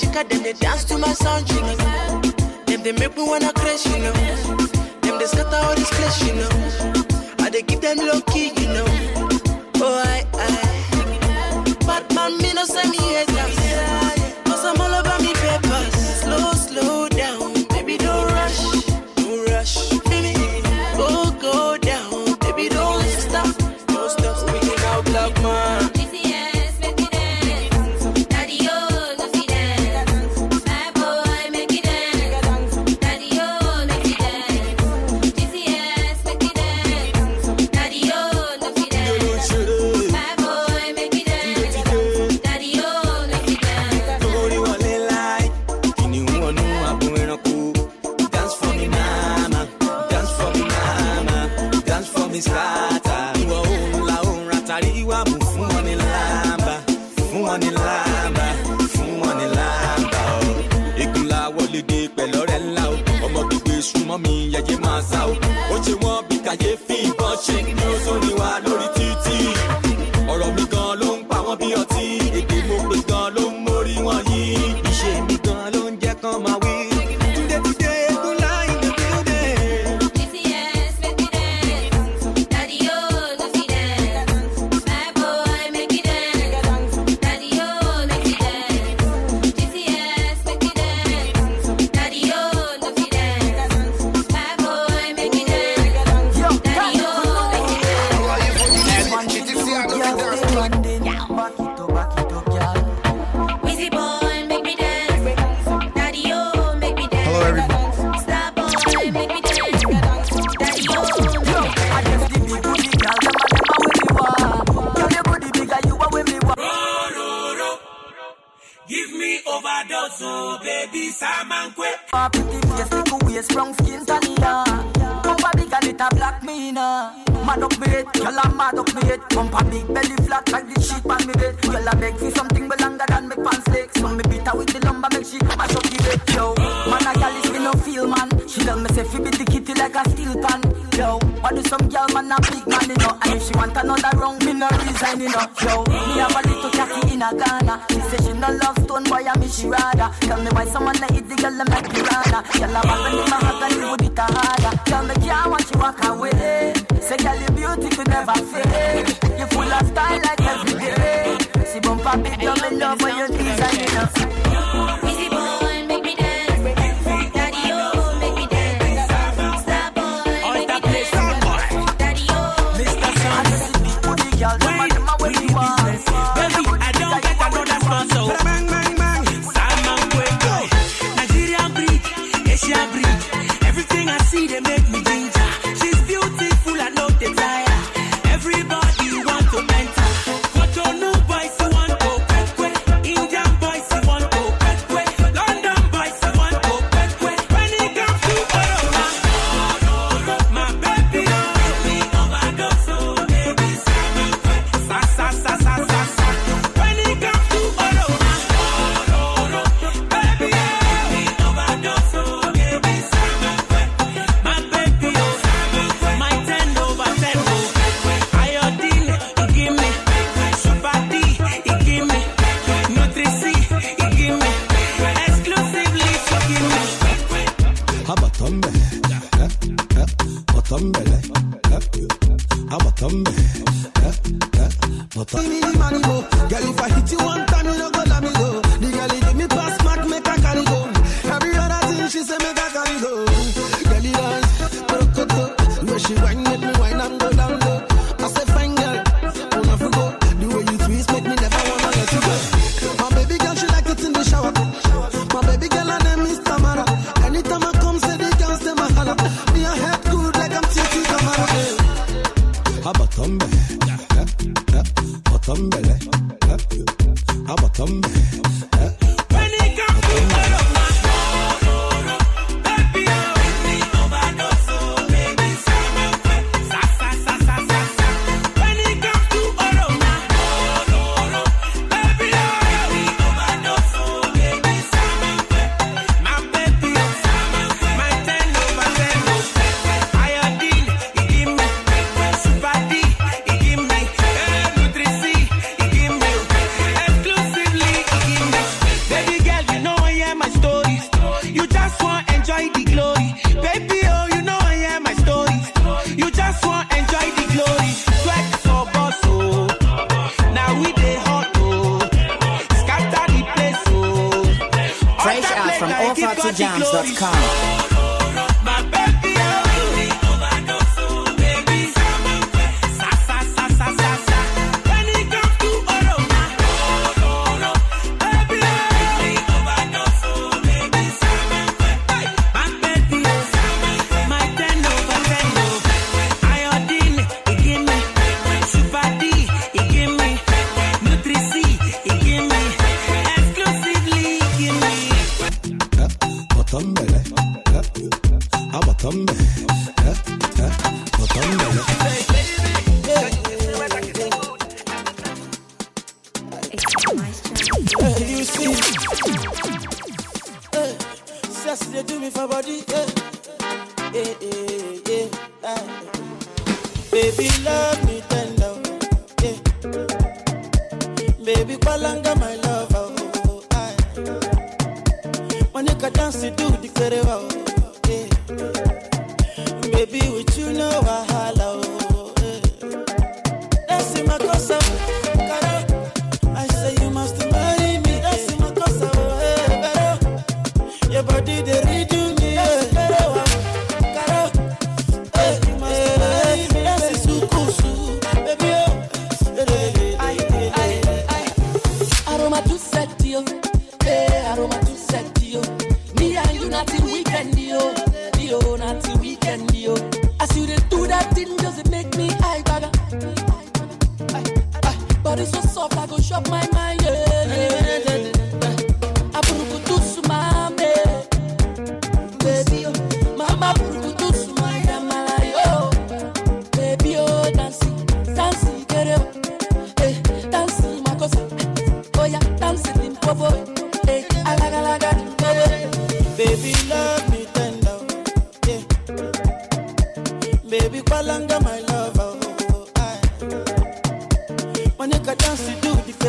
Jika then they dance to my sound, you know. Then they make me wanna crash, you know. Then they scatter all this flesh, you know. I they keep them low key, you know. Oh, I, I. Batman, me no say me my pretty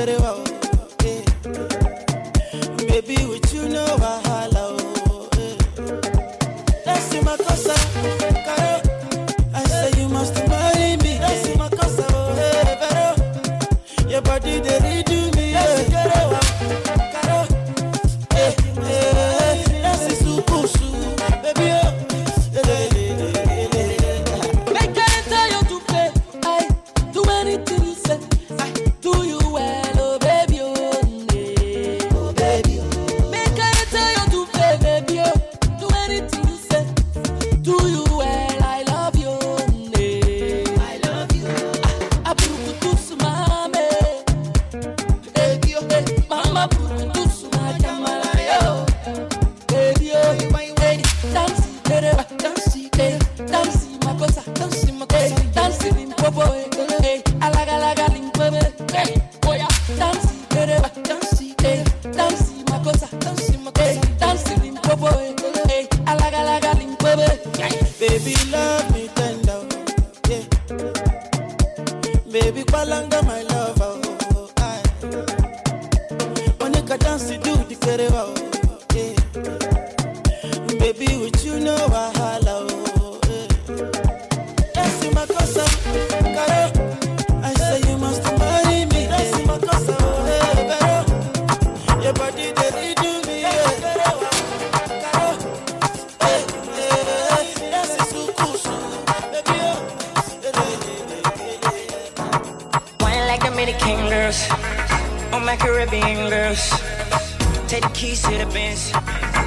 seré bajo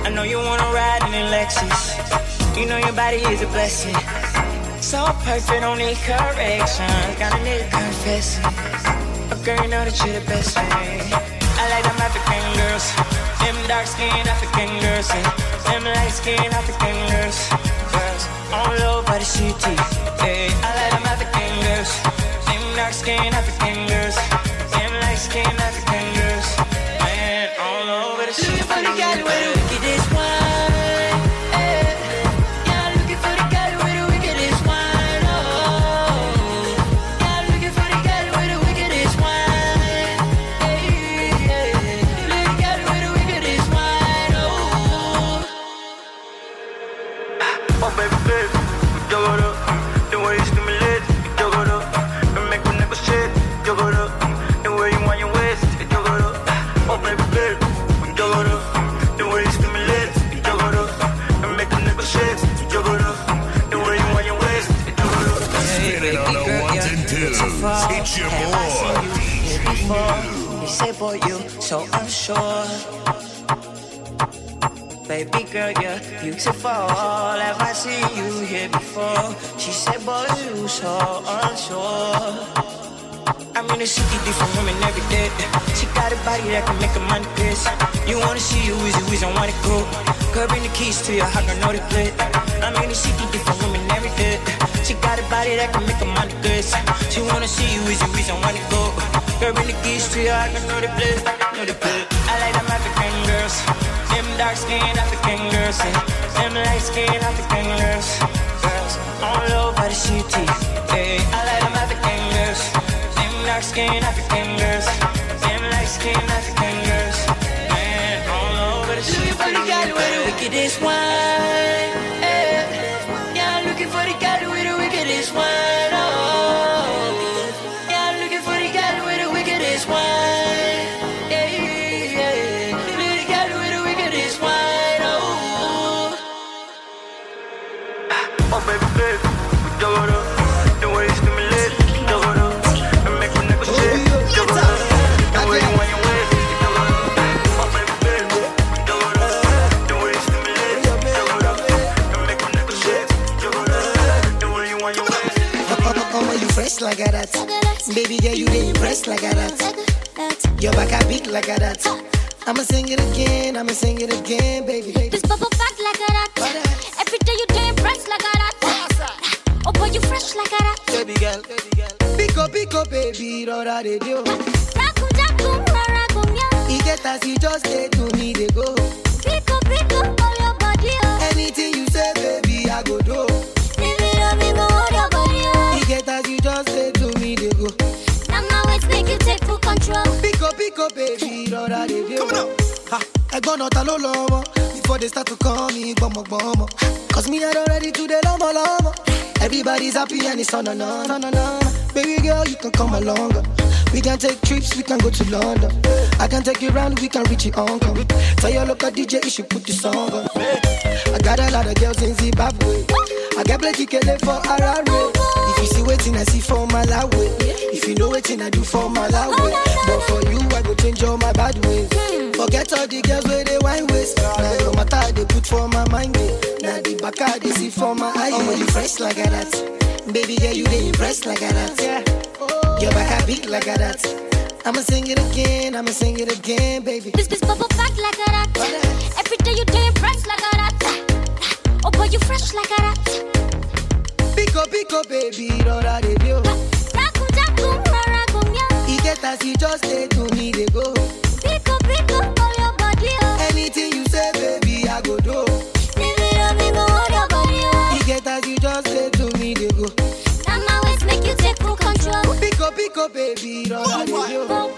I know you wanna ride in a Lexus. You know your body is a blessing. So perfect, don't need corrections. Got a nigga confessing. But girl, you know that you're the best thing. I like them African girls. Them dark skinned African girls. And them light skinned African girls. Girls all over the city. Hey, I like them African girls. Them dark skinned African girls. Them light skinned so I'm sure. Baby girl, you're beautiful. Have I seen you here before? She said, boy, you so unsure. I'm in a city, different women every day. She got a body that can make a man piss. You wanna see you Is we don't wanna go. Girl, bring the keys to your heart, girl, know the play. I'm in a city, different women every day. She got a body that can make a man piss. She wanna see you Is we don't wanna go. Girl, bring the keys to your heart, know the place, know the place. I like them African girls, them dark skin African girls, eh? them light skin African girls, girls all over the city. yeah. I like them African girls, them dark skin African girls. like that, Baby girl, you did impress like that. Your back I beat like that. I'ma sing it again, I'ma sing it again, baby. baby. This bubble back like that. Every day you damn fresh like that. Oh boy, you fresh like that, Baby girl, baby girl. Pico, pico, baby, rora de dio. Raku, jaku, rara, gumya. He get as you just say to me, they go. Pico, pico, all your body, oh. Anything you say, baby, I go do. natural. Pico, pico, baby, rọra dey dey o. Ẹ̀gbọ́n náà ta ló Before they start to call me gbọmọgbọmọ. Cause me I already ready to the lọ́mọ Everybody's happy and it's on and on and on. Baby girl, you can come along. We can take trips, we can go to London. I can take you round, we can reach your uncle. Tell your local DJ you should put the song on. I got a lot of girls in Zimbabwe. I got plenty kele for Harare you see waiting, I see for my way. If you know waiting, I do for my way. Oh, but for you, I go change all my bad ways. Hmm. Forget all the girls where they wine waste. Now your matter they put for my mind. Eh. Now the back I they see for my eyes. Oh, you fresh like that. Baby girl, you they impress like that. Your back I big like that. I'ma sing it again, I'ma sing it again, baby. This bitch bubble back like that. Every day you day fresh like that. Oh boy, you fresh like that. Pico, pico, baby, rọra dey blow. Rakun jakun rọra go meow. E get as you just say to me they go. Pico, pico for your body oh. Anything you say baby I go do. Me me love me go hold your body oh. E get as you just say to me they go. I'm always make you take full control. Pico, pico, baby, rọra dey blow.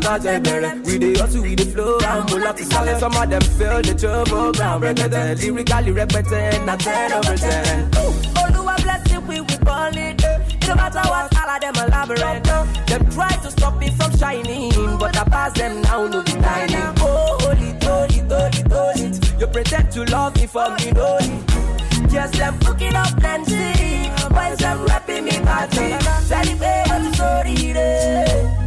that bere. We the hustle, we the flow, I'm mulla to sale. Some of them fail the trouble ground, regretted. Lyrically repeated, not ten over ten. Oluwa bless you, we will call it. No matter what, all of them elaborate. Them try to stop me from shining, but I pass them now, no be dining. Oh, holy, holy, holy, holy. You pretend to love me for me, holy. Yes, them cooking up plenty. Boys, them rapping me party. Celebrate, I'm sorry, eh?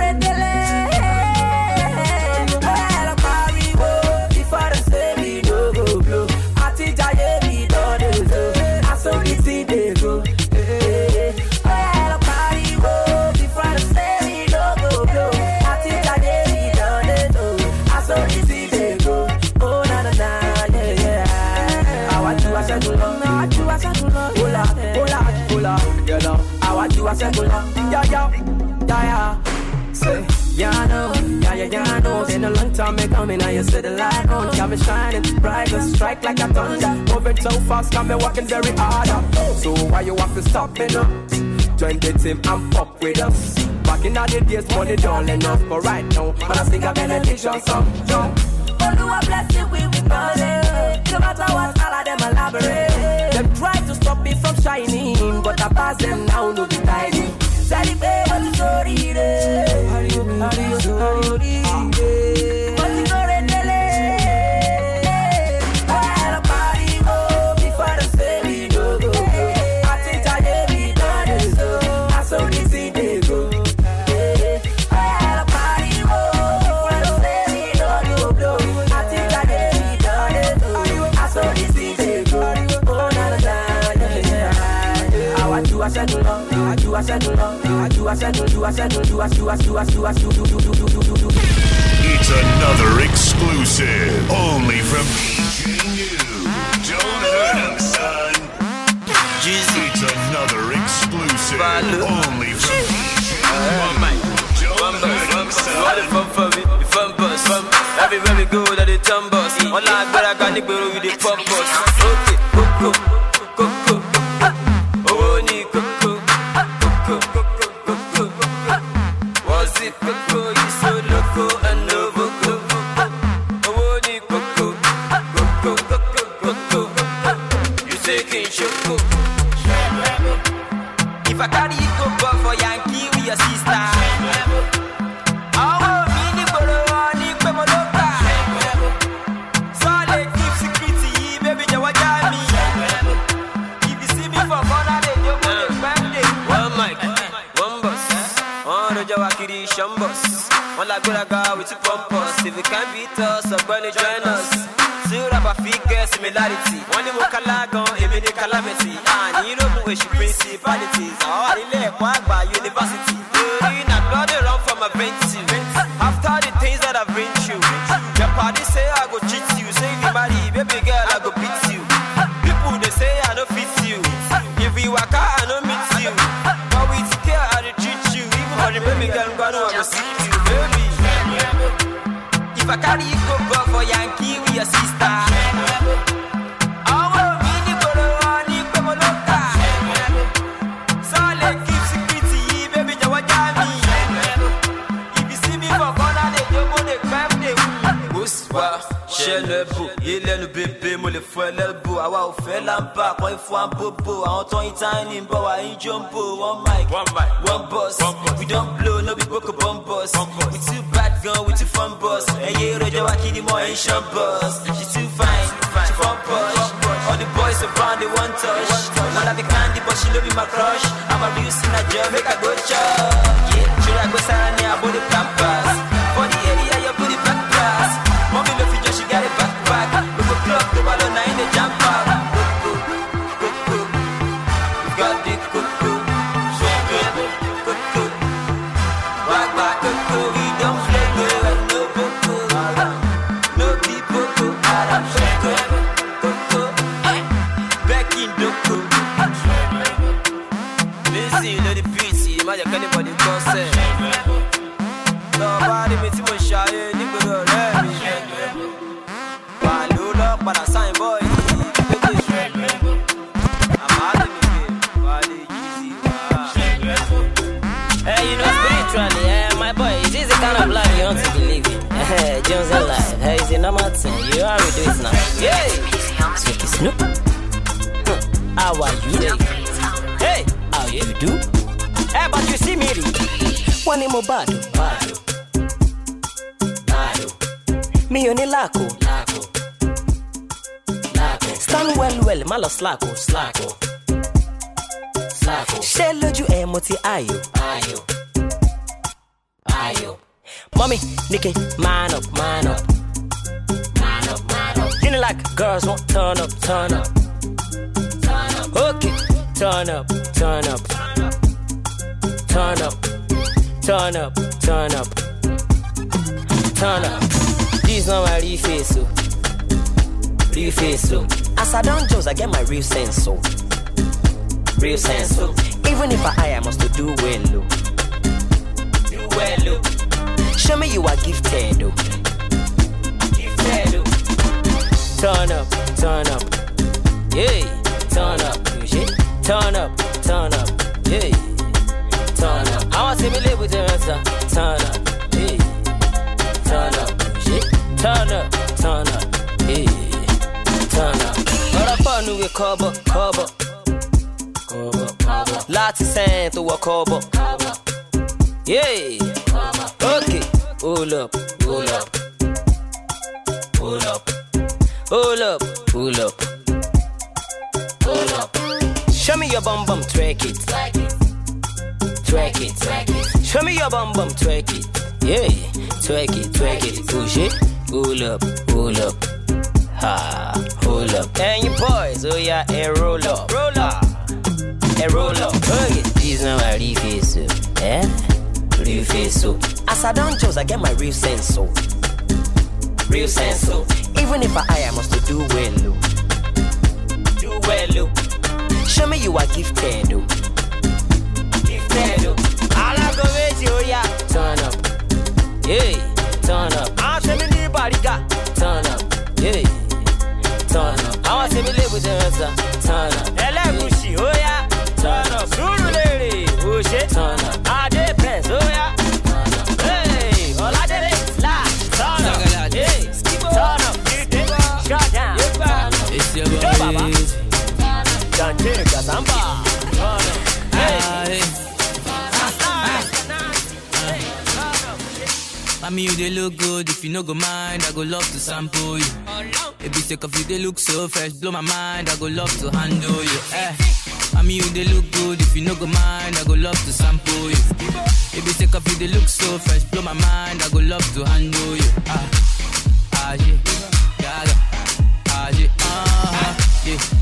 a secular. Yeah, yeah, yeah, yeah. Say, yeah, I know, yeah, yeah, yeah, I know. it been a long time me coming, now you see the light on. Got me shining bright, let strike like a thunder. Moving so fast, got me walking very hard. So why you have to stop me now? Join the team and pop with us. Back in the days, money don't enough, but right now, man, I think I'm sing a benediction song. Yeah. Oh, do I bless it, we will it. No matter what, all of them elaborate. Them try stop me from shining, but I pass them now, no be timing. Celebrate, sorry, sorry, sorry, sorry, sorry, sorry, sorry, sorry, sorry, It's another exclusive, only from DJU. Don't hurt him, son. Jeezy. It's another exclusive, only from DJU. Don't hurt him, son. What if I'm for me? Fun bus, everywhere we go, that they turn bus. Online, but I got the girl with the pump bus. Okay, okay. Gulaga with two purpose. If you can beat us, I'm gonna join us. Two rapper figure similarity. One in Mokalagon, Emini Calamity. And you know the way she principalities. Oh, I didn't you. àwa ò fẹ́ lámbà pọ̀ ifo àbòbò àwọn tó yín tán ní bọ̀ wá yín jọ́ǹbò one mic one boss we don blow no be boko bon boss we too bad gan we too fun boss ẹ̀yẹ́ rọjọ́ wa kiri mọ́ ẹ̀ ń ṣan boss she too fine she fun push all the boys around they wan touch all of be candy but she no be my crush i'm a real sinner jọ make i go chop ṣúra gbé sára ní abúlé campus. Jim's in life, Hazy no you already do it now. Yeah! Swicky Snoop. Hmm. How are you? Hey! How you do? Hey, but you see me. One more bad. baru, baru. Me only lako. Lako. Lako. Stand well, well, malo slako. Slako. Slako. Shell you emoti ayo. Ayo. Ayo. Mommy, Nikki, mine up, mine up. Mine up, mine up. Then like girls won't turn up, turn up. Turn up. Hook it, turn up, turn up. Turn up, turn up, turn up. Turn up. These are my real face, so. Oh. Real face, so. Oh. As I don't Jones, I get my real sense, so. Oh. Real sense, so. Even if I, I must do well, look. Do well, look. Show me you are gifted. Gifted. Oh. Turn up, turn up. Yeah, turn up. Turn up, turn up. Yeah, turn up. I want to see me live with your answer. Turn up. Yeah, turn up. Turn up, Yeah, turn up. But I found new cover, cover. Cover, cover. Lots of sand through a cover. Cover. Yeah. Cover. Pull up, pull up. Pull up. Pull up, pull up. Pull up. Show me your bum bum, twerk it. Twerk it. Twerk it. Show me your bum bum, twerk it. Yeah, twerk it, twerk it. Push it. Pull up, pull up. Ha, pull up. And you boys, oh yeah, and roll up. Roll up. And roll up. Hug it. This is not my face, eh? Reface, so. As I don't choose, I get my real sense so. Real sense so. Even if I, I must do well, look. Oh. Do well, look. Oh. Show me you are gifted, though. Gifted, though. All I to with you, oh, yeah. Turn up. Yeah. Turn up. I ah, show me the got. Turn up. Yeah. Turn up. I want to me live with the answer. Turn up. Hello, yeah. Gucci, oh yeah. Turn up. Zulu lady. Oh Turn up. I ah, Mommy, you they look good. If you no go mind, I go love to sample you. If take a you they look so fresh. Blow my mind, I go love to handle you. Eh. mean you they look good. If you no go mind, I go love to sample you. If you take off, you they look so fresh. Blow my mind, I go love to handle you. Ah, ah, yeah, yeah, ah, yeah, ah, ah yeah.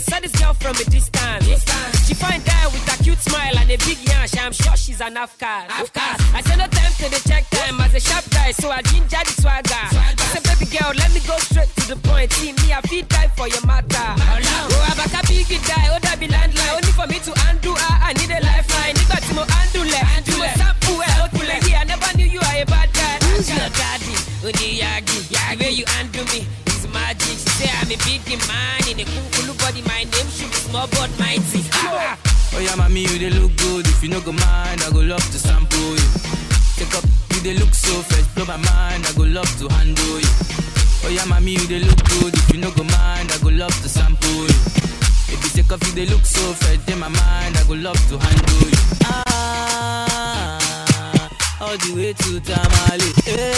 face. Saw this girl from a distance. distance. She find out with a cute smile and a big yash. I'm sure she's an Afghan. Afghan. I said no time to the check time as a sharp guy, so I ginger the swagger. swagger. I said, baby girl, let me go straight to the point. See me, I feel die for your matter. How long? Oh, I'm a big guy, oh, that be landline. Only for me to undo, I, ah, I need a lifeline. Nígbà tí mo undo lẹ̀, you must sample I ó tilẹ̀ yìí. I never knew you are a bad guy. Who's your daddy? Oní Yagi, the way you undo me is magic. She say I'm a big man in a cool small but mighty. Oh yeah, mommy, you they look good. If you no go mind, I go love to sample you. Take up, you they look so fresh, blow my mind. I go love to handle you. Oh yeah, mommy, you they look good. If you no go mind, I go love to sample you. If you take off, you they look so fresh, then my mind. I go love to handle you. Ah, all the way to Tamale. Hey. Eh.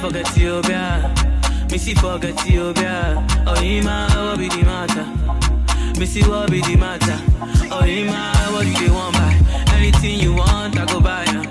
for Ethiopia. Me see for Ethiopia. Oh, Ima, what be the matter? Me see what be the matter? Oh, Ima, what do they want by? Anything you want, I go buy. Now.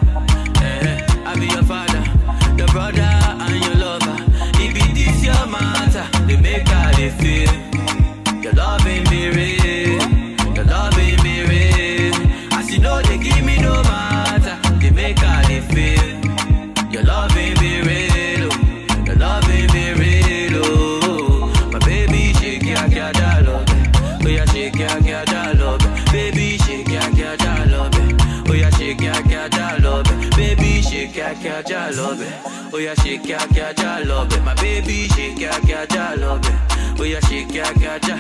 kíákíá já lọ́bẹ̀ ó yá ṣe kíákíá já lọ́bẹ̀ my baby ṣe kíákíá já lọ́bẹ̀ ó yá ṣe kíákíá já.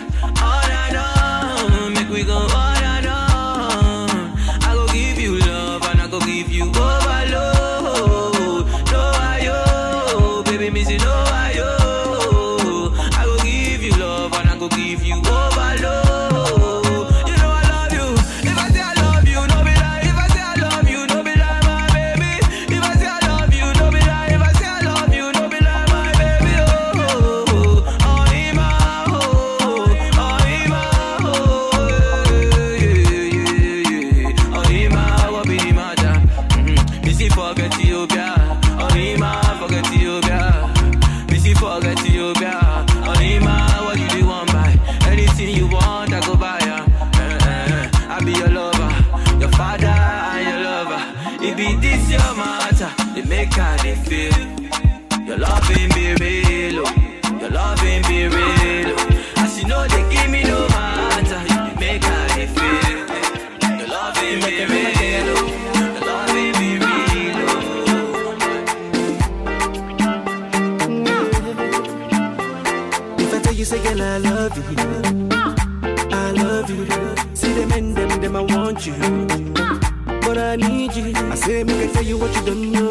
all i know, make we go all i don i go give you love and i go give you what you done,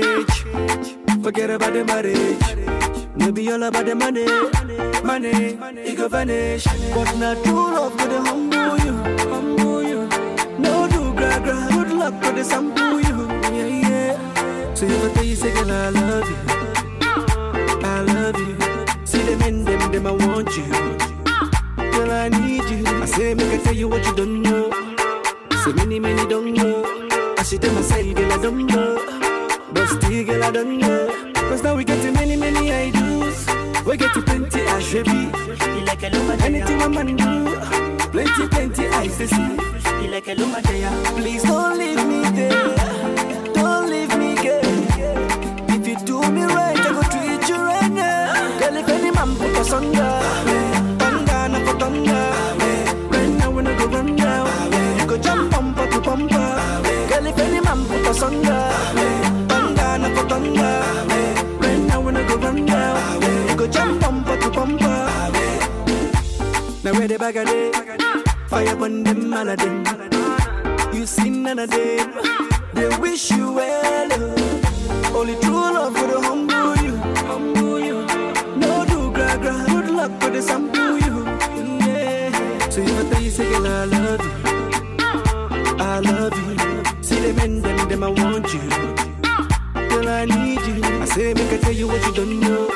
package. Forget about the marriage. Maybe all about the money. Money, it go vanish. But not true love go the humble you. Humble you. No do gra gra. Good luck go the sample you. Yeah, yeah. So you I tell you say girl I love you, I love you. See them in them, them I want you. Girl I need you. I say make I tell you what you don't know. Say many many don't know. I see them I say girl I don't know. I don't know. Cause now we get to many, many ideas. We get to plenty as she be. Like Anything a man do, plenty, plenty I see. Like Please don't leave me there. bagade, bagade. Fire burn them, all of them. You see none of them. They wish you well. Oh. Only true love would humble you. Humble you. No do gra gra. Good luck for the sample you. Yeah. So you I tell you, say, girl, I love you. I love you. See them and them, them I want you. girl I need you. I say, make I tell you what you don't know.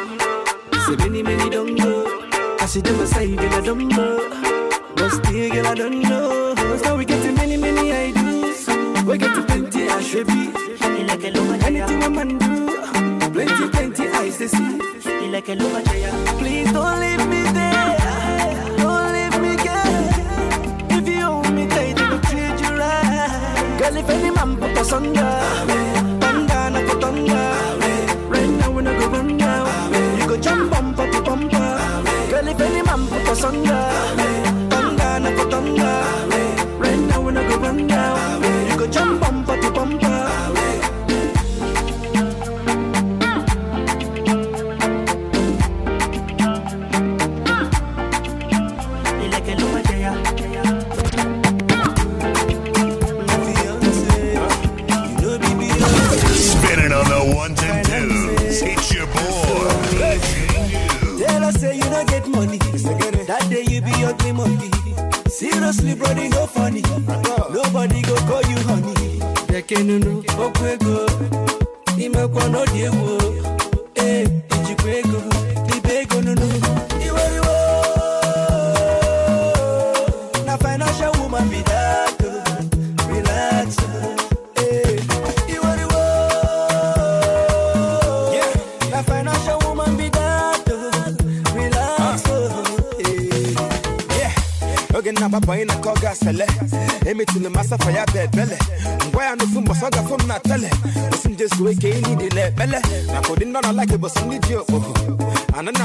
Say, many, many don't know. I see them aside and I don't know.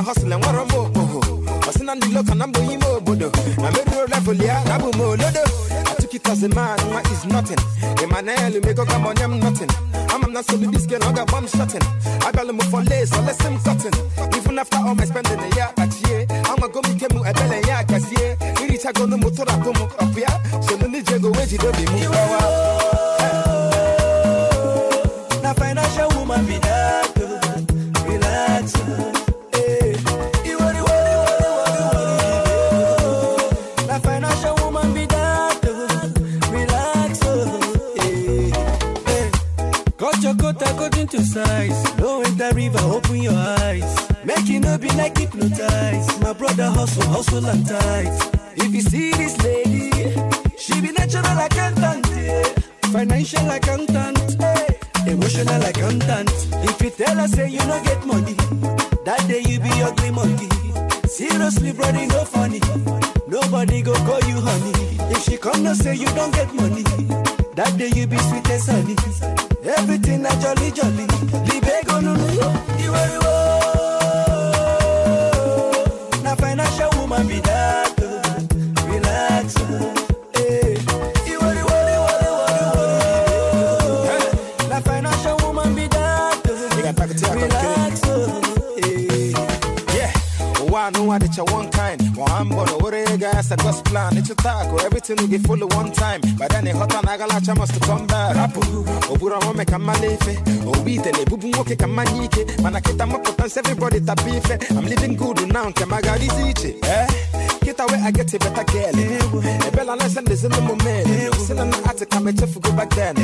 hustle and waro oh, mo oh. boho. Hustle and look and I'm boy mo bodo. Na me road level ya na bu mo lodo. I took it as a man, what is nothing. In my name you make a come on, I'm nothing. I'm not so this girl, I got bomb shutting. I got move for lace, or less him cutting. Even after all my spending a year, yeah, I'm a go meet him a bell and yeah, cause yeah, he reach a gun motor up, up, up, yeah. So the nigga go wait, you don't be moving. size. No enter river, open your eyes. Make it no be like hypnotized. My brother hustle, hustle and tight. If you see this lady, she be natural accountant, yeah. financial accountant, hey. emotional accountant. If you tell her say you no get money, that day you be ugly monkey. Seriously, brother, no funny. Nobody go call you honey. If she come no say you don't get money. That day you be sweet and sunny. Everything a jolly jolly. Libe go no no. Iwo iwo. Na financial woman be that. Oh. Relax. Hey. Oh. Eh, iwo eh, Na financial woman be that. Oh. Relax. Eh, yeah. One who had it one kind. One but said, what's plan? It's a taco. Everything will get full at one time. But then it hot and I got a chance to come back. Rapu, Obura Rome Kamalefe. Obite, Bubu Moke Kamanike. Manakita Mopotans, everybody tapife. I'm living good now. Kamagadi Ziche. Eh? Get away, I get a better girl. A bella nice and there's a little man. Sitting on the attic, I'm a chef go back then.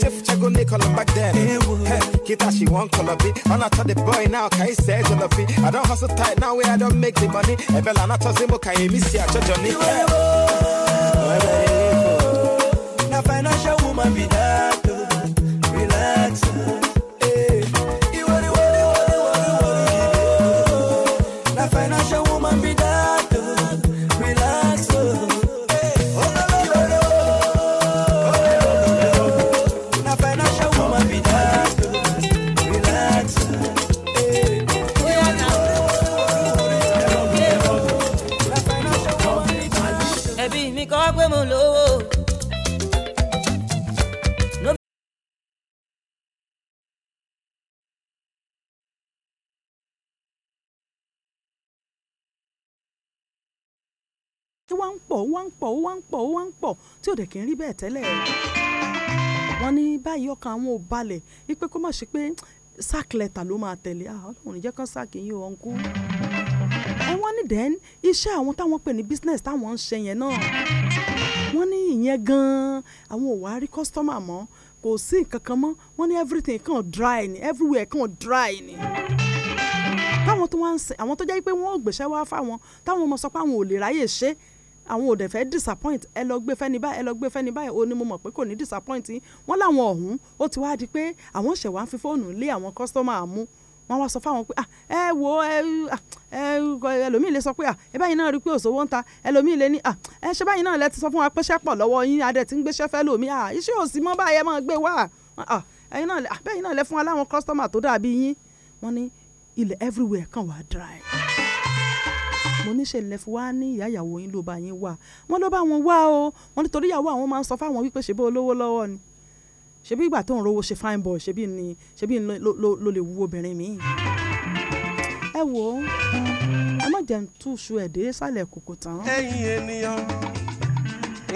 Chef Chago Nicole back then. Hey. Kita, she won't call of it. And I told the boy now, can say all of it? I don't hustle tight now, where I don't make the money. Ebella, I told him, can you miss your Johnny? Now, financial woman be that. pọ̀ ó wá ń pọ̀ ó wá ń pọ̀ tí ò dẹ̀ kí ń rí bẹ́ẹ̀ tẹ́lẹ̀ wọ́n ní báyìí ọkàn àwọn ò balẹ̀ wípé kó má ṣe pé sack letter ló máa tẹ̀lé ah, ọlọ́run níjẹ́ kan sack yín ọ̀ ń kú ẹ ní then iṣẹ́ àwọn táwọn pè ní business táwọn ń ṣe yẹn náà wọ́n ní ìyẹn gan-an àwọn ò wá rí customer mọ́ kò sí nǹkan kan mọ́ wọ́n ní everything kan dry ni everywhere kan dry ni táwọn tó wá ń sìn àwọn tó jẹ́ pé wọ́n ò gbèsè wá fáwọn táwọn ọmọ sọ pé àwọn ò lè ráyè ṣe é àwọn ò dẹ̀ fẹ́ disappoint ẹ lọ gbé fẹ́ni báyìí ẹ lọ gbé fẹ́ni báyìí ó ní mo mọ̀ pé kò ní disappoint wọ́n láwọn ọ̀hún ó ti wá di pé àwọn ṣẹ̀wá ń fi fóònù lé àwọn kọ́sítọ́mà mú wọ́n wá sọ fáwọn pé ẹ wo ẹlòmíì lè sọ pé ẹ báyìí náà rí pé òṣòwò ń ta ẹlòmíì lè ní ẹ ṣe báyìí náà lẹ ti sọ fún wa pé ṣẹ́ pọ̀ lọ́wọ́ yín adẹ̀ tí ń gbéṣẹ́ fẹ́ lòmíì iṣẹ́ òsì mọ́ báyẹn máa gbé wá ẹ̀yin bẹ́ẹ̀ náà lẹ fún wa láwọn kọ́sítọ́mà tó dàbí yín wọ́n ní ilẹ̀ everywhere kan wà dry mo ní ṣe lẹ fi wá ní ìyá ìyàwó yín ló bá yín wá wọ́n ló bá wọn wá o wọ́n nítorí ìyàwó àwọn máa ń sọ fáwọn wípé ṣe bó olówó lọ́wọ́ ni ṣebí ìgbà tó ń rówó ṣe fine boy ṣebí ni ṣebí ni ló lè wú obìnrin mi. ẹ wo ẹ má jẹun túṣu ẹ̀ dé sálẹ̀ kòkò tán. ẹ̀yin ènìyàn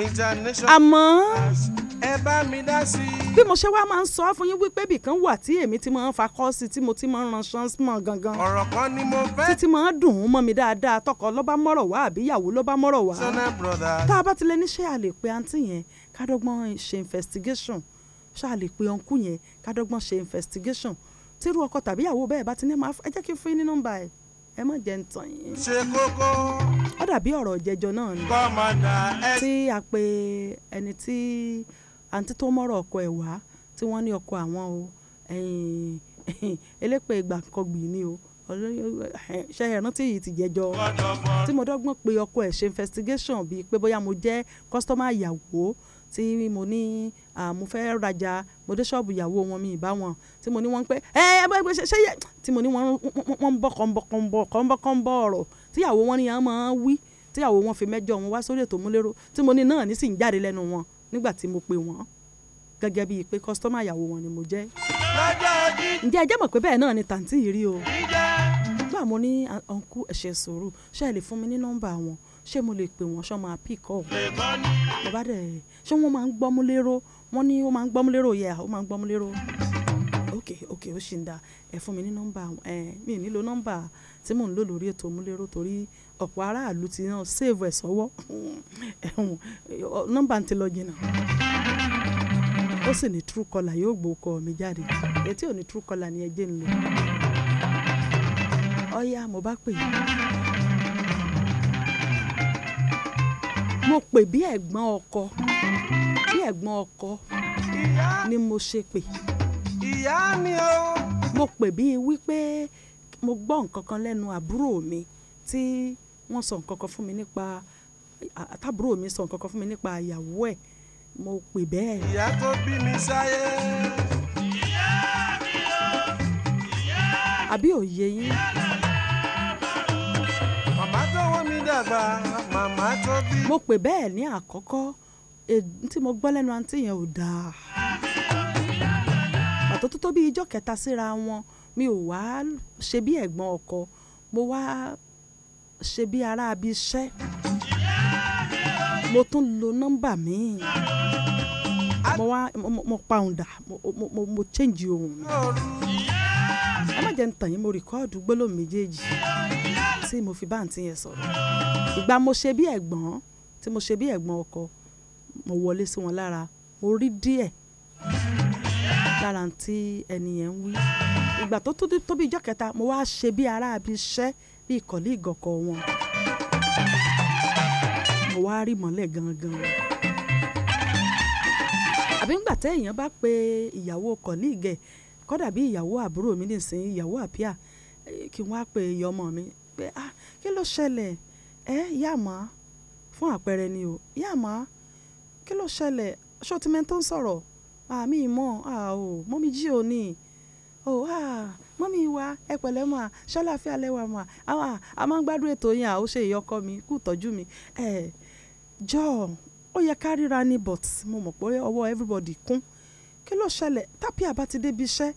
international. àmọ́. ẹ bá mi dá sí i bí mo ṣe wá máa ń sọ fún yín wípé bìkan wà tí èmi ti máa ń fa kọ́ọ̀sì tí mo ti máa ń ran ṣánsmọ̀ gangan. ọ̀rọ̀ kan ni mo fẹ́. títí máa ń dùn ún mọ́ mi dáadáa tọkọ ló bá wá àbíyàwó ló bá mọ̀rọ̀ wá. tá a bá tilẹ̀ ní ṣé a lè pe àǹtí yẹn kádọ́gbọ́n ṣe investigation ṣá a lè pe ọ̀nkú yẹn kádọ́gbọ́n ṣe investigation tírú ọkọ tàbíyàwó bẹ́ẹ̀ bá ti ní máa ẹ jẹ́ kí n fún yín ní nọ́mbà ẹ̀ ẹ má jẹ́ ń tàn yín. ṣe kókó. ó dàbí ọ̀rọ̀ jẹjọ náà ni. kọ́mọdà ẹ. tí a pe ẹni tí àǹtí tó mọ̀rọ̀ ọkọ ẹ̀ wá tí wọ́n ní ọkọ àwọn o elépè ìgbà kan gbì ni o ṣe ìrántí yìí ti jẹjọ tí mo dọ́gbọ́n pé ọkọ ẹ̀ ṣe investigation bíi pé bóyá mo jẹ́ kọ́sítọ́mà ìyàwó tí mo ní mo fẹ́ rajà mo dé ṣọ́ọ̀bù ìyàwó wọn mi ìbá wọn tí mo ní wọ́n pé ẹ ẹ bá ṣe ṣe yẹ tí mo ní wọ́n ń bọ̀ kọ́ńbọ̀kọ́ńbọ̀ kọ́ńbọ̀kọ́ńbọ̀ ọ̀rọ̀ tíyàwó wọn ni àwọn máa ń wí tíyàwó wọn fi mẹ́jọ wọn wá sórí ètò múlẹ́rọ tí mo ní náà ní sì ń jáde lẹ́nu wọn nígbà tí mo pè wọ́n gẹ́gẹ́ bíi pé kọ́sítọ́mà ìyàwó wọn ni mo jẹ́. ǹjẹ́ ẹ jẹ́ mọ̀ pé bẹ́ẹ̀ náà ni tàǹtí yìí rí o. nígbà mo ní ọ̀nkú ẹ̀ṣẹ̀ sòrò ṣé ẹ lè fún mi ní nọ́mbà wọn ṣé mo lè pè wọ́n ṣé wọ́n máa pì kọ́ ọ̀. mo bá dẹ̀ ṣé wọ́n máa ń gbọ́mú lérò wọ́n ní ó máa ń gbọ́mú lérò yẹ ó máa ń gbọ́mú lérò. ok ok ó ṣì ń da ẹ fún mi ní nọ́mbà ẹ mi nílò nọ́mbà tí mò ń lò lórí ètò múlérò torí ọ̀pọ̀ aráàlú ti náà save ẹ̀ sọ́wọ́ nọ́mbà ń ti lọ jìnnà ó sì ní true caller yóò gbọ́ ọkọ mi jáde etí ò ní true caller ni ẹjẹ́ ń lò ọ̀ya mo bá pè mo pè bí ẹ̀gbọ́n ọkọ bí ẹ̀gbọ́n ọkọ ni mo ṣe pè mo pè bí wípé mo gbọ́ nǹkan kan lẹ́nu àbúrò mi tí. Ti wọ́n sọ nǹkan fún mi nípa àtàbúrò mi sọ nǹkan fún mi nípa ìyàwó ẹ̀ mo pè bẹ́ẹ̀. ìyá tó bí mi sáyé. ìyá mi o ìyá mi. àbí òye yín. màmá tó mi dàgbà màmá tó bí. mo pè bẹ́ẹ̀ ní àkọ́kọ́ tí mo gbọ́ lẹ́nu àǹtí yẹn ò dáa. pàtó tó tó bí ijọ́ kẹta síra wọn mi ò wá ṣe bí ẹ̀gbọ́n ọkọ mo wá ṣe bí ará abi iṣẹ́ mo tún lo nọ́mbà míì mo wá mo pàùndà mo change ohun mi ẹ má jẹ́ ń tàn yín mo rìkọ́ọ̀dù gbólóhùn méjèèjì tí mo fi báǹtí yẹn sọ̀rọ̀ ìgbà mo ṣe bí ẹ̀gbọ́n tí mo ṣe bí ẹ̀gbọ́n ọkọ mo wọlé sí wọn lára mo rí díẹ̀ lára tí ẹnìyẹn ń wí ìgbà tó tóbi ìjọ kẹta mo wá ṣe bí ará abi iṣẹ́ bíi colleague ọkọ wọn mo wá rí mọ́lẹ̀ gangan àbí ńgbà tẹ́ èèyàn bá pe ìyàwó colleague ẹ̀ kódà bí ìyàwó àbúrò mi nìsín ìyàwó àpíà kí wọ́n á pe ìyá ọmọ mi pé ah kí ló ṣẹlẹ̀ ẹ yá mọ́ fún àpẹẹrẹ ni o yá mọ́ kí ló ṣẹlẹ̀ ṣó ti mẹ́tò ń sọ̀rọ̀ àmì ìmọ̀ àò mọ́mí jí òní o ah mọ́mí wa ẹ pẹ̀lẹ́ mọ́ a ṣọ́lá fi alẹ́ wa mọ́ a àwọn a máa ń gbádùn ètò yẹn à ó ṣe ìyọkọ mi kú tọ́jú mi ẹ̀ jọ̀ọ́ ó yẹ ká ríra ní but mo mọ̀ pé ọwọ́ everybody kún kí ló ṣẹlẹ̀ Tapia bá ti débi iṣẹ́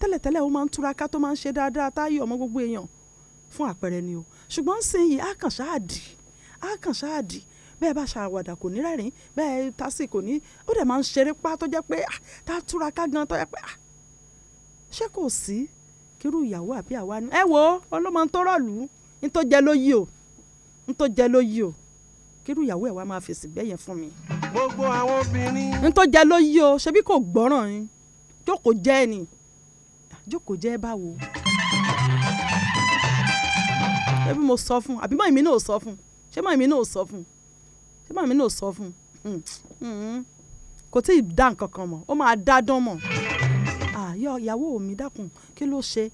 tẹ́lẹ̀tẹ́lẹ̀ ó máa ń túraká tó máa ń ṣe dáadáa táyé ọmọ gbogbo èèyàn fún àpẹẹrẹ ni o ṣùgbọ́n sẹ́yìn àkànṣáàdì àkànṣáàdì bẹ́ẹ̀ bá ṣàwàdà kò ní rẹ́rìn bẹ́ẹ̀ tásì kò ní ó dẹ̀ máa ń ṣeré pa tó jẹ́ pé ah, tá a túraká gan tó jẹ́ pé ah, ṣé kò sí kírú ìyàwó àbí àwa ni ẹ wo ọlọ́mọ tó rọ̀lú ní tó jẹ lóyè o ní tó jẹ lóyè o kírú ìyàwó ẹ̀ wá máa fèsì bẹ́yẹn fún mi. gbogbo àwọn obìnrin. ní tó jẹ lóyè o ṣebí kò gbọ́ràn ni jókòó jẹ́ ni jókòó jẹ́ báwo. ṣebí mo sọ fún àbí màmí náà sọ fún ṣé màmí náà sọ fún ṣé màmí náà sọ fún hmm, hmm, hmm. kò tí ì dá nǹkan kan mọ̀ ó máa dá dán mọ̀ yọ ìyàwó mi dákun kí ló ṣe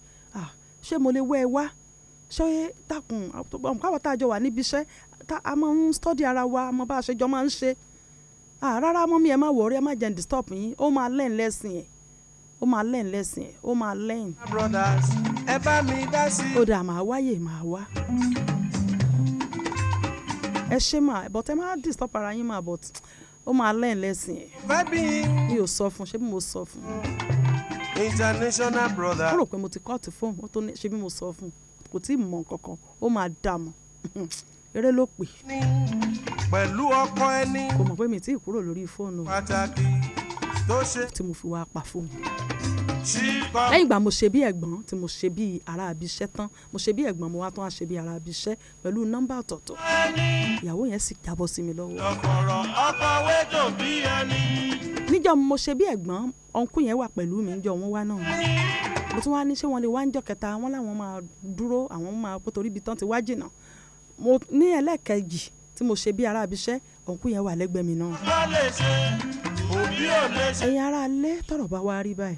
à ṣé mo lè wẹ́ ẹ wá ṣé dákun káwọn tá a jọ wà níbi iṣẹ́ a máa ń study ara wa a máa bá a ṣe jọ máa ń ṣe à rárá mọ́mí ẹ má wọ̀ọ́rí ẹ má jẹ́ disturb yín ó máa learn lesson ẹ̀ ó máa learn lesson ẹ̀ ó máa learn. brothers ẹ bá mi dá sí. ó dà máa wáyè máa wá ẹ ṣe mà but ẹ má disturb ara yín mà but ó máa learn lesson ẹ̀ mi ò sọ fún ṣé mo sọ fún. Mm international brother. ó rò pé mo ti kọ́ọ̀tù fóun ó tó ní ṣe bí mo sọ fún un kò tí ì mọ kankan ó máa dà mọ́ eré ló pè. pẹ̀lú ọkọ ẹni. kò mọ̀ pé mi tí ì kúrò lórí fóònù. pàtàkì tó ṣe. tí mo fi wá pa fóun lẹ́yìn ìgbà mo ṣe bí ẹ̀gbọ́n tí mo ṣe bí ara abiṣẹ́ tán mo ṣe bí ẹ̀gbọ́n mo wá tán á ṣe bí ara abiṣẹ́ pẹ̀lú nọ́mbà ọ̀tọ̀ọ̀tọ̀ ìyàwó yẹn sì jábọ́ sí mi lọ́wọ́. níjọ́ mo ṣe bí ẹ̀gbọ́n ọ̀nkú yẹn wà pẹ̀lú mi níjọ́ wọn wá náà mo tún wá ní ṣé wọn lè wá níjọ́ kẹta wọn láwọn máa dúró àwọn máa pé torí ibi tán ti wá jìnnà mo ní ẹlẹ́ẹ̀kejì tí mo ṣe bí ara abiṣẹ́ ọ̀nkú yẹn wà lẹ́gbẹ̀ẹ́ mi náà ẹ̀yin ará alẹ́ tọ̀rọ̀ bá wá rí báyìí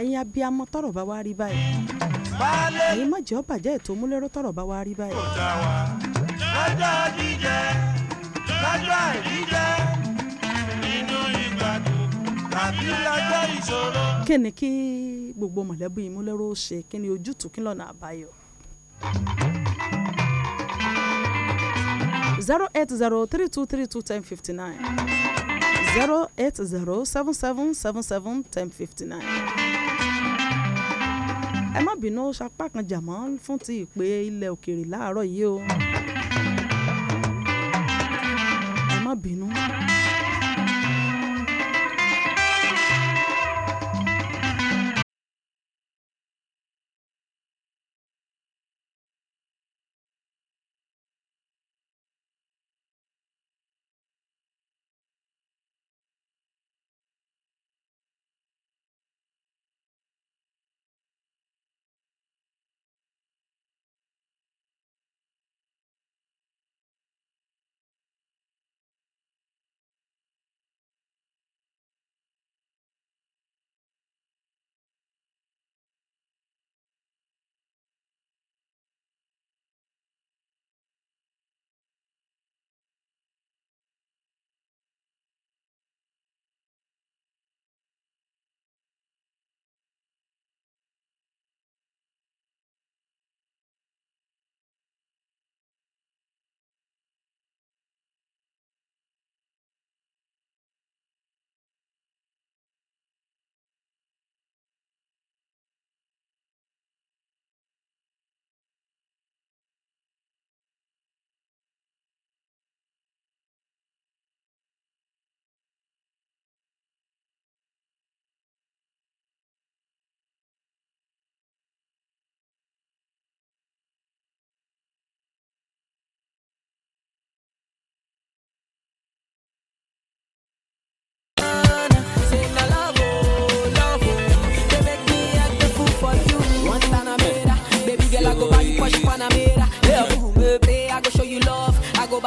ẹ̀yin abiyamọ tọ̀rọ̀ bá wá rí báyìí ẹ̀yin mọ̀jẹ̀ ọ̀bàjẹ́ ètò múlẹ́rọ́ tọ̀rọ̀ bá wá rí báyìí. lọ́jọ́ jíjẹ lọ́jọ́ ìgbàdùn tàbí lọ́jọ́ ìṣòro. kí ni kí gbogbo mọ̀lẹ́bí ìmúlẹ́rọ́ ṣe kí ni ojútùú kí lọ́nà àbáyọ. zero eight zero three two three two ten fifty nine. Zero zero eight seven seven seven seven ten fifty nine. ẹ má bínú ó sapá kan jàmọ́ fún ti ìpè ilẹ̀ òkèèrè láàárọ̀ yìí o.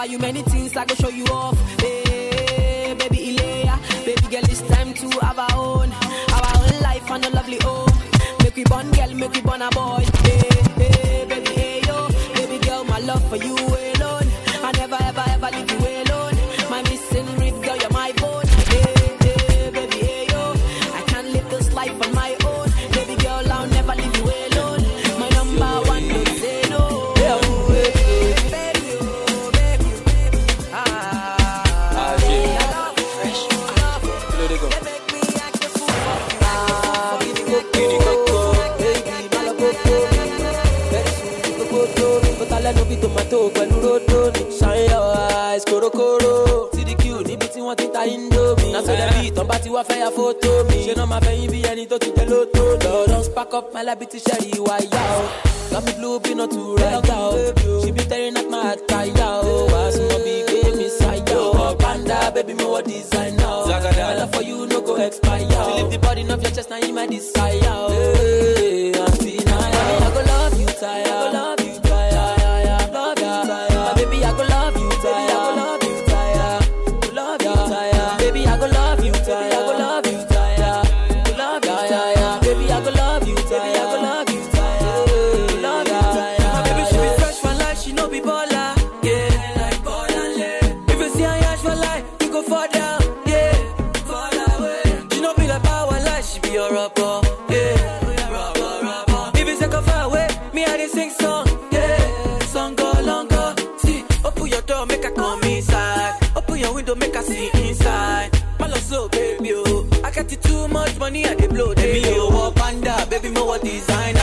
buy you many things, I go show you off. Hey, eh, baby Ilea, baby girl, it's time to have our own, our own life and a lovely home. Make we born girl, make we born a boy. Hey, eh, eh, hey, baby, hey yo, baby girl, my love for you. Hey, tomato tomato pẹ̀lú rodo ni. shine your eyes korokoro. tdq níbi tí wọ́n ti ń ta indomie. náà sọ̀rọ̀ bí ìtàn bá ti wá fẹ́ ya fótó mi. ṣé náà máa fẹ́ yín bí ẹni tó ti jẹ́ lótó lọ. don spark up my life ti ṣe ìwà ìyá o. got me blue bí náà tù rẹ̀ ta o. she be tearing up my heart kaya o. wàá súnmọ́ bí gbé mi ṣáyà o. ọ̀pọ̀ panda baby mi wọ designer o. my love for you no go expire o. to leave the body of your chest na in my desire baby, more designer.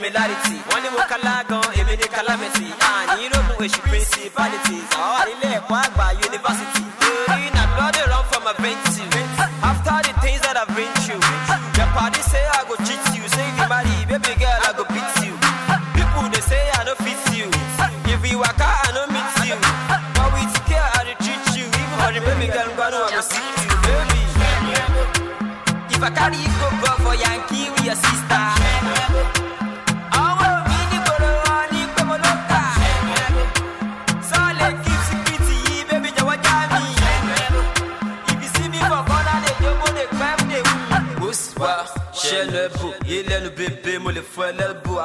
similarity wọ́n ní mo kálá gan èmi ní calamity àní ìrògùn èṣù principalities àwọn ilé ẹ̀kọ́ àgbà university.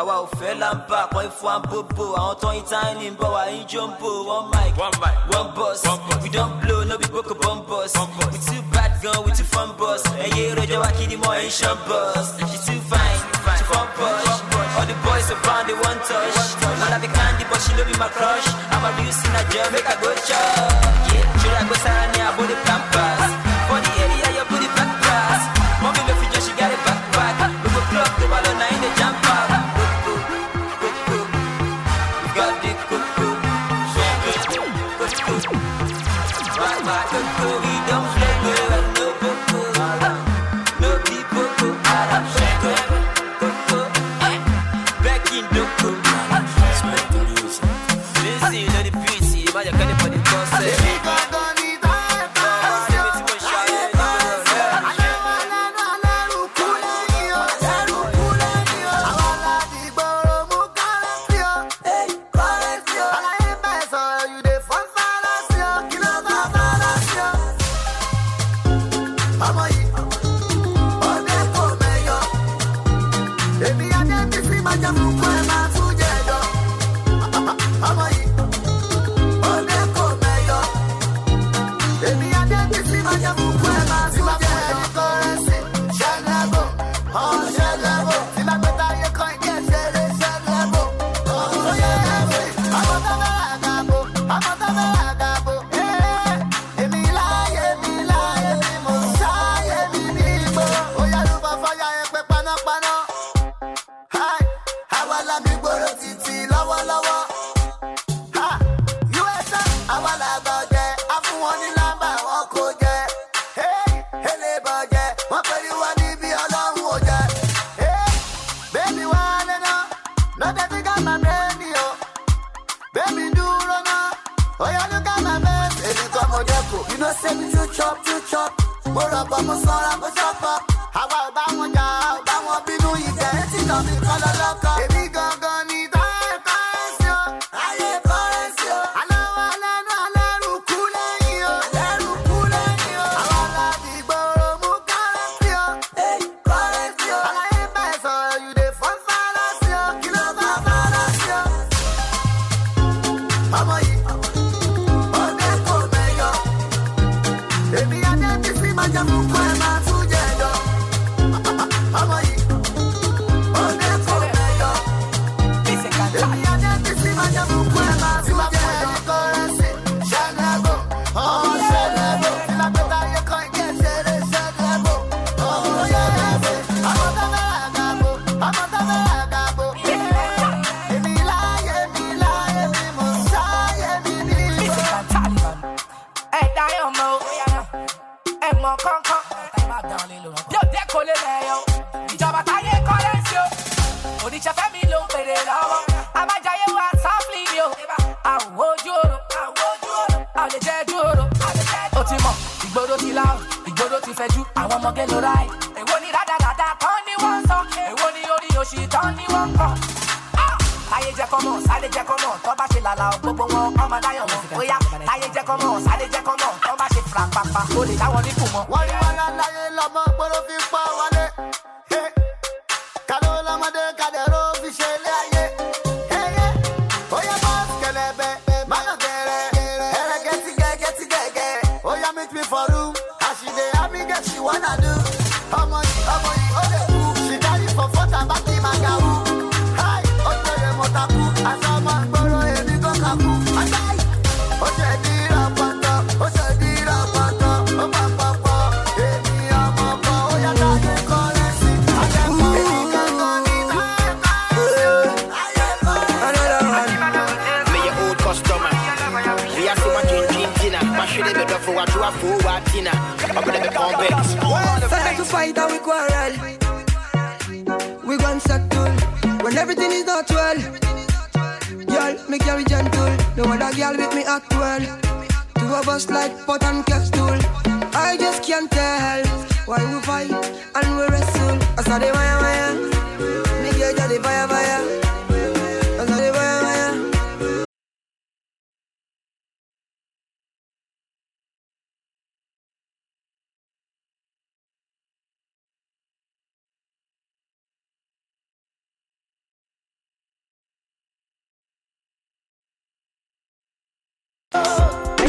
àwa ò fẹ́ lámbà kọ́ ifo àǹbòbò àwọn tó ń bọ̀ wá ń jọ́ǹbò one mic one boss we don blow no be gboko bon bus. we too bad gan we too fun bus. ẹ̀yẹ ìrọ̀jọ́ wa kiri mọ́ my ń ṣan bus. she too fine she fun push all the boys around they wan touch malabi candy but she no be my crush i'm a real sinner jẹ́ make i go chop ṣọ́ra gbé sára ní abúlé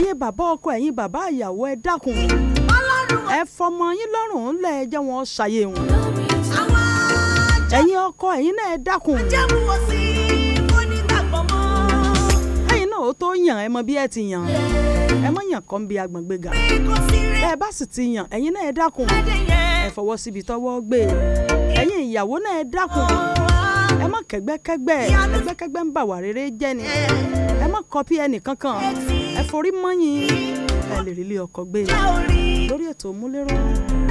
ẹ̀yin bàbá ọkọ ẹ̀yin bàbá ìyàwó ẹ dákun ẹ fọmọ yín lọ́rùn ńlẹ̀ ẹ wọn ṣàyè wọn ẹ̀yin ọkọ ẹ̀yin náà ẹ dákun ẹ̀yin náà ó tó yàn ẹ mọ bí ẹ ti yàn ẹ mọ yàn kọ́ ń bi àgbọ̀ngbẹ̀gà bẹ́ẹ̀ bá sì ti yàn ẹ̀yin náà ẹ dákun ẹ fọwọ́ síbi tọ́wọ́ gbé ẹ̀yin ìyàwó náà ẹ dákun ẹ mọ kẹgbẹ́kẹgbẹ́ ẹgbẹ́kẹgbẹ́ ń bà wà rere jẹ́ ni ẹ mọ kọpí ẹnì kankan forí mọ́yìn ẹ lè rí ilé ọkọ̀ gbé e lórí ètò múlẹ́rọ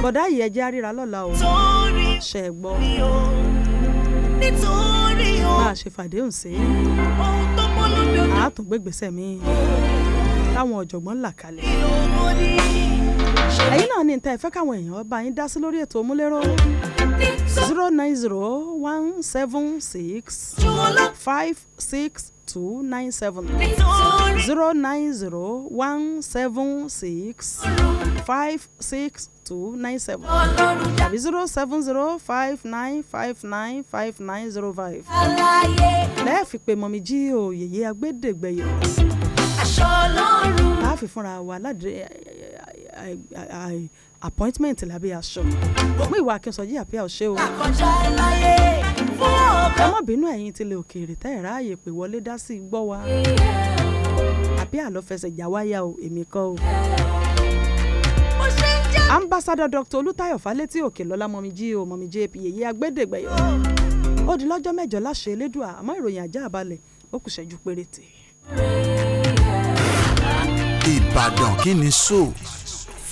bọ̀dá yìí ẹ jẹ́ àríra lọ́la o ṣe é gbọ́ bá a ṣe fàdéhùn sí àátúngbègbèsẹ̀ mi táwọn ọ̀jọ̀gbọ́n là kalẹ̀ ẹ̀yin náà ní nta ẹ̀fẹ́ káwọn èèyàn bá yín dá sí lórí ètò múlẹ́rọ zero nine zero one seven six five six two nine seven zero nine zero one seven six five six two nine seven tàbí zero seven zero five nine five nine five nine zero five. lẹ́ẹ̀fì pé mọ̀mí jí o yèyé agbẹ́dẹ́gbẹ́yẹ. aṣọ ọlọ́run. láàfin fúnra wa ládìrẹ́ appointment lábẹ́ aṣọ mú ìwà akínsọjí àbí ọ̀ṣẹ́ o. ẹ má bínú ẹ̀yin tilẹ̀ òkèèrè tẹ́ ẹ̀ ráàyè pé wọlé dá sí gbọ́ wa àbí àlọ́fẹsẹ̀ já wáyà o èmi kọ́ o. ambassador dr olùtayọ̀ falẹ́tí òkè lọ́lá mọ̀mí jí o mọ̀mí jp èyí agbẹ́dẹ̀gbẹ̀yọ̀ ó di lọ́jọ́ mẹ́jọ láṣẹ elédùà àmọ́ ìròyìn ajá àbálẹ̀ ó kù ṣẹ́jú péréte. ìbàdàn kí ni sóò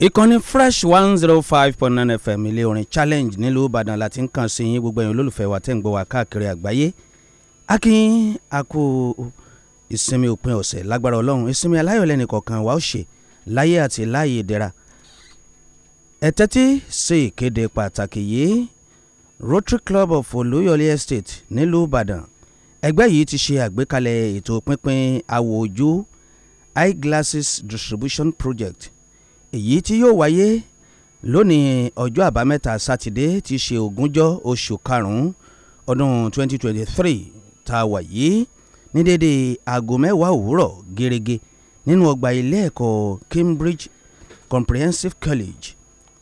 ìkànnì fresh one zero oh five point nine fm ilé orin challenge nílùú ìbàdàn láti ń kàn sí yín gbogbo ẹ̀yin olólùfẹ́ wa tẹ́ ń gbọ́ wa káàkiri àgbáyé akin akú ìsinmi òpin ọ̀sẹ̀ lágbára ọlọ́run ìsinmi aláyọ̀lẹ́ni kọ̀ọ̀kan wa ó ṣe láyé àti láyé ìdẹ̀ra ẹ tẹ́tí sí ìkéde pàtàkì yìí Rotary Club of Olúyọ̀lé Estate nílùú ìbàdàn ẹgbẹ́ yìí ti ṣe àgbékalẹ̀ ètò pínpín awò ojú eyeglasses distribution project èyí tí yóò wáyé lónìí ọjọ́ àbámẹ́ta sátidé ti ṣe ogúnjọ́ oṣù karùn-ún ọdún 2023 tá a wà yìí ní dédé aago mẹ́wàá òwúrọ̀ gẹ́rẹ́gẹ́ nínú ọgbà ilé ẹ̀kọ́ Cambridge Comprehensive College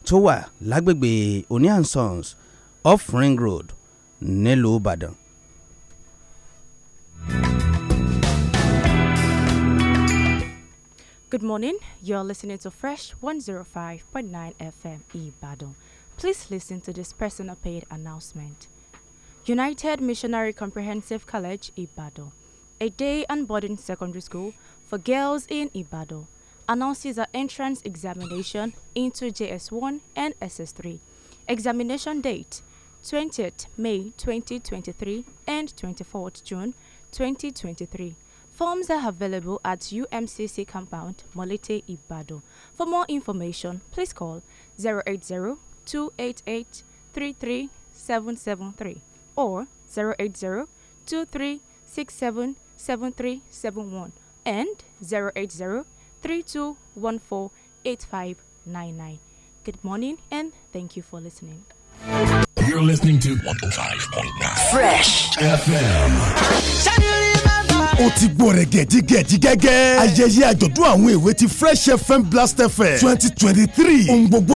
tó wà lágbègbè Oniansons off Ring Road nílùú Ìbàdàn. Good morning. You're listening to Fresh 105.9 FM Ibadan. Please listen to this personal paid announcement. United Missionary Comprehensive College Ibadan, a day and boarding secondary school for girls in Ibadan, announces an entrance examination into JS1 and SS3. Examination date 20th May 2023 and 24th June 2023. Forms are available at UMCC compound, Molite Ibado. For more information, please call 080 288 or 080 and 080 3214 Good morning and thank you for listening. You're listening to 105.9 Fresh FM. ó ti gbọ́ gẹ̀dígẹ̀dí gẹ́gẹ́. ayẹyẹ àjọ̀dún àwọn èwe ti fresh fm blast fm twenty twenty three ohun gbogbo